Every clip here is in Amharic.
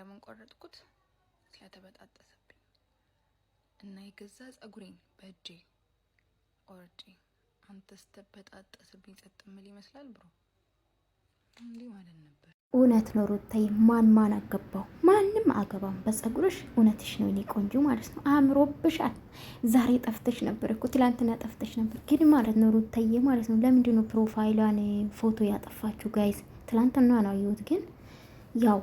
ለምን ቆረጥኩት? ስለተበጣጠሰብኝ እና የገዛ ጸጉሬን በእጄ ቆርጬ አንተ ስተበጣጠስብኝ ጸጥ ምል ይመስላል ብሮ እንዲህ ማለት ነበር። እውነት ነው ሩታዬ፣ ማን ማን አገባው? ማንም አገባም። በጸጉርሽ እውነትሽ ነው፣ እኔ ቆንጆ ማለት ነው። አምሮብሻል። ዛሬ ጠፍተሽ ነበር እኮ ትላንትና ጠፍተሽ ነበር። ግን ማለት ነው ሩታዬ ማለት ነው። ለምንድን ነው ፕሮፋይሏን ፎቶ ያጠፋችሁ? ጋይዝ ትላንትና ነው ያየሁት፣ ግን ያው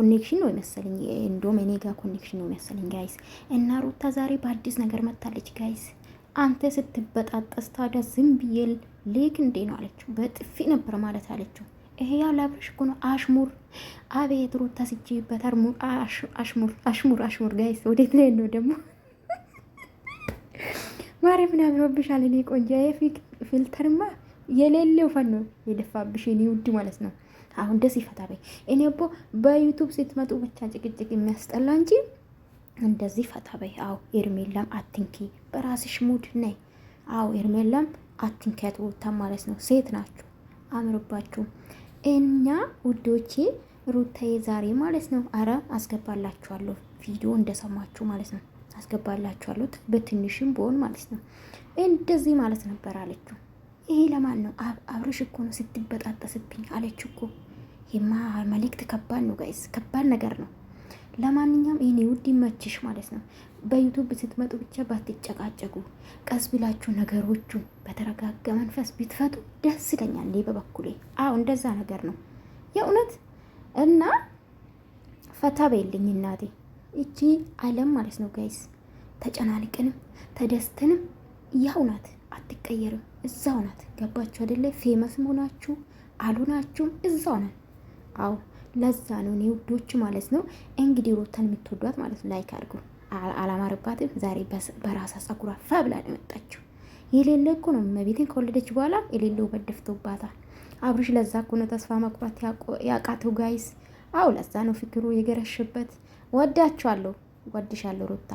ኮኔክሽን ነው መሰለኝ፣ እንደውም እኔ ጋር ኮኔክሽን ነው መሰለኝ ጋይስ። እና ሩታ ዛሬ በአዲስ ነገር መታለች ጋይስ። አንተ ስትበጣጠስ ታዲያ ዝም ብዬል ሌክ እንዴ ነው አለችው። በጥፊ ነበር ማለት አለችው። ይሄ ያው ላብረሽ እኮ ነው አሽሙር። አቤት ሩታ ስጅበት አሽሙር አሽሙር አሽሙር ጋይስ። ወዴት ላይ ነው ደግሞ ማሪ ምን አምሮብሻል? እኔ ቆንጆ ፊልተርማ የሌለው ፈን ነው የደፋብሽ የኔ ውድ ማለት ነው። አሁን ደስ ይፈታ በይ። እኔ እኮ በዩቱብ ስትመጡ ብቻ ጭቅጭቅ የሚያስጠላ እንጂ እንደዚህ ፈታ በይ። አዎ ኤርሜላም አትንኪ፣ በራስሽ ሙድ ነይ። አዎ ኤርሜላም አትንኪ ቦታ ማለት ነው። ሴት ናችሁ፣ አምርባችሁ እኛ ውዶቼ ሩታዬ ዛሬ ማለት ነው። አረ አስገባላችኋለሁ ቪዲዮ እንደሰማችሁ ማለት ነው። አስገባላችኋለሁ በትንሽም በሆን ማለት ነው። እንደዚህ ማለት ነበር አለችው። ይሄ ለማን ነው? አብረሽ እኮ ነው ስትበጣጠስብኝ አለች እኮ። ይማ መልእክት ከባድ ነው ጋይስ፣ ከባድ ነገር ነው። ለማንኛውም ይህኔ ውድ ይመችሽ ማለት ነው። በዩቱብ ስትመጡ ብቻ ባትጨቃጨቁ፣ ቀስ ብላችሁ ነገሮቹን በተረጋጋ መንፈስ ብትፈቱ ደስ ይለኛል። እኔ በበኩሌ አዎ እንደዛ ነገር ነው የእውነት እና ፈታ በይልኝ እናቴ። እቺ አለም ማለት ነው ጋይስ፣ ተጨናንቅንም ተደስትንም ያው ናት፣ አትቀየርም። እዛው ናት። ገባችሁ አይደለ? ፌመስ መሆናችሁ አልሆናችሁም እዛው ናት። አዎ ለዛ ነው እኔ ውዶች ማለት ነው እንግዲህ ሩታን የምትወዷት ማለት ነው። ላይክ አድርጉ። አላማረባትም። ዛሬ በራሳ ጸጉሯ ፈብላ ነው የመጣችው። የሌለ እኮ ነው መቤትን ከወለደች በኋላ የሌለው በደፍቶባታል። አብርሽ ለዛ እኮ ነው ተስፋ መቁረጥ ያቃተው ጋይስ። አው ለዛ ነው ፍክሩ የገረሽበት። ወዳችኋለሁ፣ ወድሻለሁ ሩታ።